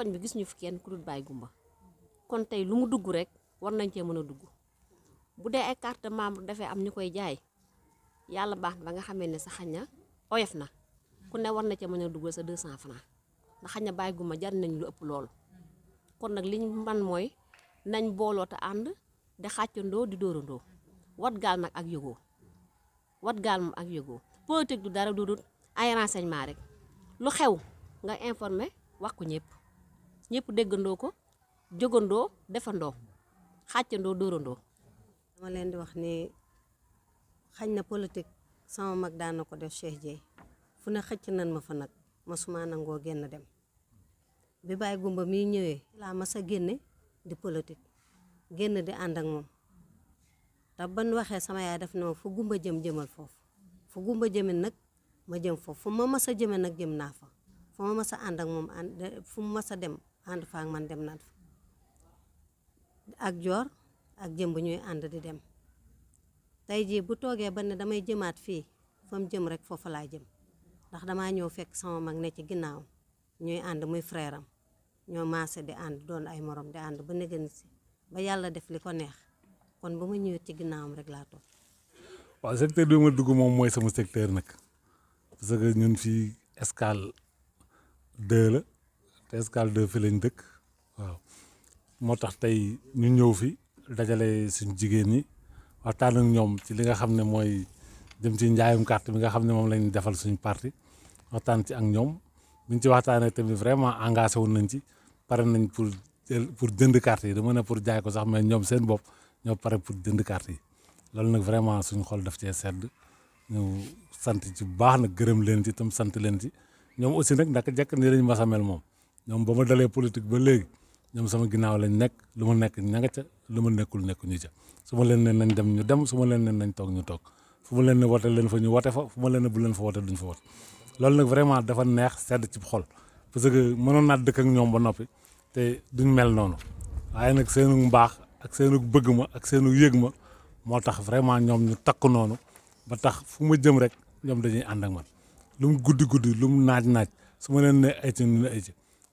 koñ bi gis ñu fi kenn ku dul Baye Goumba kon tey lu mu dugg rek war nañ cee mën a dugg bu dee ay carte membre dafay am ñu koy jaay yàlla baax na ba nga xamee ne sa xañ na oyof na ku ne war na cee mën a duggal sa 200 francs ndax xañ na Baye nañ lu ëpp loolu kon nag li man mooy nañ booloo te ànd di xàccandoo di dóorandoo wat gaal nag ak yëgoo wat gaal ak yëgoo politique du dara du dul ay renseignement rek lu xew nga informé wax ko ñëpp ñëpp déggandoo ko jógandoo defandoo xàccandoo dóorandoo. dama leen di wax ni xañ na politique sama mag daan ko def Cheikh Dieye fu ne xëcc nan ma fa nag masuma nangoo génn dem bi Baye Gumba mi ñëwee laa mas a génne di politique génn di ànd ak moom te ban waxee sama yaay def na ma fu Gumba jëm jëmal foofu fu Gumba nag ma jëm foofu ma mas a jëmee nag jëm naa fa ma mas a ànd ak moom ànd fu a dem. ànd faak man dem naat fa ak joor ak jëm bu ñuy ànd di dem tey jii bu toogee ba ne damay jëmaat fii fa jëm rek foofa laa jëm ndax damaa ñëw fekk sama mag ne ci ginnaawam ñuy ànd muy freeram ñoo maase di ànd doon ay moroom di ànd ba nëgën si ba yàlla def li ko neex kon ba ma ñëwee ci ginnaawam rek laa toog. waaw secteur bi ma dugg moom mooy sama secteur nag parce ñun fii escale deux te Escale de fi lañ dëkk waaw moo tax tey ñu ñëw fi dajale suñ jigéen ñi waxtaan ak ñoom ci li nga xam ne mooy jëm ci njaayum carte bi nga xam ne moom lañ defal suñu parti waxtaan ci ak ñoom buñ ci waxtaanee tamit vraiment engagé woon nañ ci pare nañ pour pour jënd carte yi dama ne pour jaay ko sax mais ñoom seen bopp ñoo pare pour jënd carte yi loolu nag vraiment suñu xol daf cee sedd ñu sant ci bu baax nag gërëm leen ci tam sant leen ci ñoom aussi nag naka jekk nii lañ mas a moom. ñoom ba ma dalee politique ba léegi ñoom sama ginnaaw lañ nekk lu ma nekk ña nga lu ma nekkul nekku ñu ca su ma leen ne nañ dem ñu dem su ma nañ toog ñu toog fu leen ne wote leen fa ñu wote fa fu ma leen ne bu leen fa loolu nag vraiment dafa neex sedd ci xol parce que mënoon naa dëkk ak ñoom ba noppi te duñ mel noonu waaye nag seenu mbaax ak seenu bëgg ma ak seenu yëg ma moo tax vraiment ñoom ñu takk noonu ba tax fu ma jëm rek ñoom dañuy ànd ak man lu mu guddi guddi lu mu naaj naaj su ma leen ne ay ci ñu ay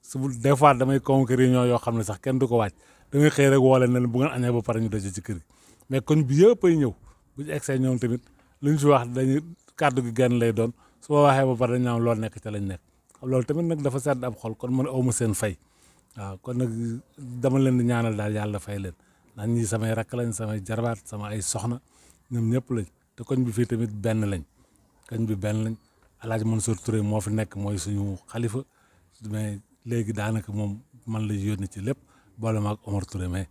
subu des fois damay conquérir ñoo yoo xam ne sax kenn du ko wàcc da ngay xëy rek woo leen ne bu ngeen añee ba pare ñu dese ci kër yi mais koñ bi yëpp ay ñëw bu ñu ñoom tamit lu ñu si wax dañuy kàddu gi genn lay doon su ma waxee ba pare dañ naan loolu nekk ca lañ nekk loolu tamit nag dafa sedd ab xol kon man awma seen fay waaw kon nag dama leen di ñaanal daal yàlla fay leen ndax ñii samay rakk lañ samay jarbaat sama ay soxna ñoom ñëpp lañ te koñ bi fii tamit benn lañ koñ bi benn lañ El Hadj Mansour Touré moo fi nekk mooy suñu xalifa léegi daanaka moom man la yónni ci lépp boole ma ak Omar Touré mais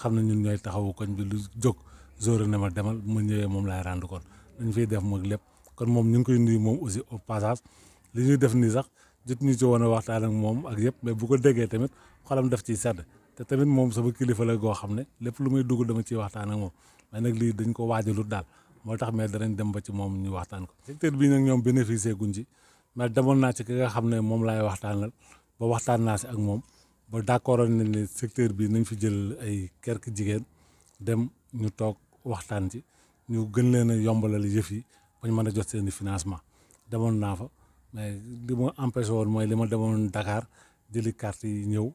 xam na ñun ñooy taxawu koñ bi lu jog zóore ne ma demal mu ñëwee moom laay rendre compte dañ def moom lépp kon moom ñu ngi koy nuyu moom aussi au passage li ñuy def nii sax jot ñu ci woon a waxtaan ak moom ak yëpp mais bu ko déggee tamit xolam daf ciy sedd te tamit moom sama kilifa goo xam ne lépp lu muy dugg dama ciy waxtaan ak moom mais nag lii dañ ko waajalut daal moo tax mais danañ dem ba ci moom ñu waxtaan ko secteur bi nag ñoom bénéficier ci mais demoon naa ci ki nga xam ne moom laay waxtaanal ba waxtaan naa si ak moom ba d'accord na ne secteur bii nañ fi jël ay quelques jigéen dem ñu toog waxtaan ci ñu gën leen a yombalal yëf yi ba ñu mën a jot seen i financement demoon naa fa mais li ma empêché woon mooy li ma demoon dakaar jëli carte yi ñëw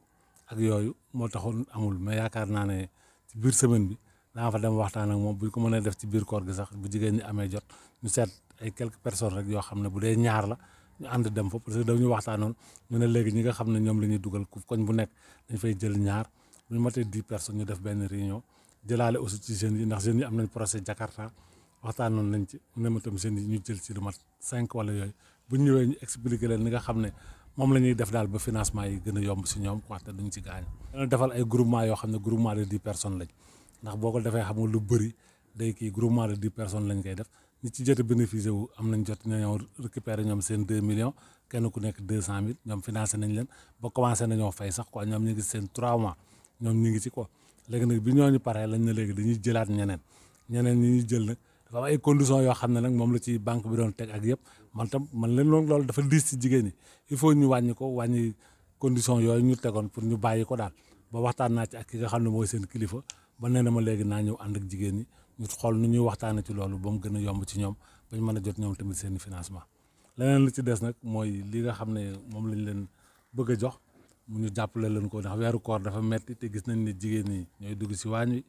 ak yooyu moo taxoon amul mais yaakaar naa ne ci biir semaine bi daa fa dem waxtaan ak moom bu ñu ko mënee def ci biir koor gi sax bu jigéen ñi amee jot ñu seet ay quelques personnes rek yoo xam ne bu dee ñaar la. ñu ànd dem fa parce que dañu waxtaanoon ñu ne léegi ñi nga xam ne ñoom la ñuy dugal koñ bu nekk dañ fay jël ñaar bu ñu matee dix personnes ñu def benn réunion jëlaale aussi ci jeunes yi ndax jeunes yi am nañ procès Jakarta waxtaanoon nañ ci mu ne ñu jël ci lu mat cinq wala yooyu bu ñu ñëwee ñu expliqué leen ni nga xam ne moom lañuy def daal ba financement yi gën a yomb si ñoom quoi te duñ ci gaañ. dana defal ay groupement yoo xam ne groupement de dix personnes lañ ndax boo ko defee xam lu bëri day kii groupement de dix lañ koy def. ñi ci jot a wu am nañ jot ñoo récupéré ñoom seen 2 millions kenn ku nekk 200000 ñoom financé nañ leen ba commencé nañoo fay sax quoi ñoom ñu ngi seen 3 mois ñoom ñu ngi ci quoi nag bi ñooñu paree lañ ne léegi dañuy jëlaat ñeneen ñeneen ñi ñuy jël nag dafa am ay conditions yoo xam ne nag moom la ci banque bi doon teg ak yëpp man man leen loolu dafa diis ci jigéen ñi il faut ñu wàññi ko wàññi conditions yooyu ñu tegoon pour ñu bàyyi ko daal ba waxtaan naa ci ak ki nga xam ne mooy seen kilifa ba nee na ma léegi naa ñëw ànd ak jigéen ñi ñu xool nu ñuy waxtaanee ci loolu ba mu gën a yomb ci ñoom ba ñu mën a jot ñoom tamit seen financement leneen li ci des nag mooy li nga xam ne moom lañ leen bëgg a jox mu ñu jàppale leen ko ndax weeru koor dafa metti te gis nañ ni jigéen ñi ñooy dugg si waañ wi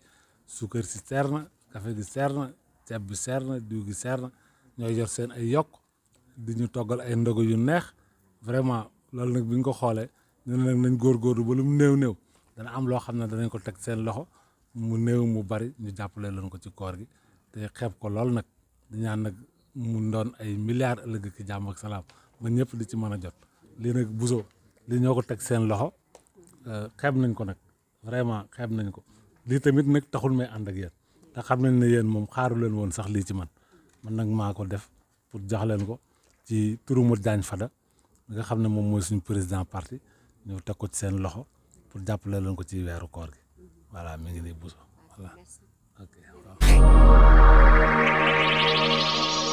suukar si seer na café gi seer na ceeb bi seer na diw gi seer na ñooy yor seen ay yokk di ñu toggal ay ndogu yu neex vraiment loolu nag bi ñu ko xoolee ñu ne nag nañ góorgóorlu ba lu mu néew néew dana am loo xam ne danañ ko teg seen loxo mu néew mu bari ñu jàppale leen ko ci koor gi te xeeb ko lool nag di nag mu doon ay milliards ëllëg ki jàmm ak salaam ba ñëpp di ci mën a jot lii nag buso lii ñoo ko teg seen loxo euh, xeeb nañ ko nag vraiment xeeb nañ ko lii tamit nag taxul may ànd ak yéen te xam nañ ne yéen moom xaaru leen woon sax lii ci man man nag maa ko def pour jox leen ko ci turu Modou Diagne Fada nga xam ne moom mooy suñu président partie ñu teg ko ci seen loxo pour jàppale leen ko ci weeru koor gi voilà mi ngi nii Bousso ok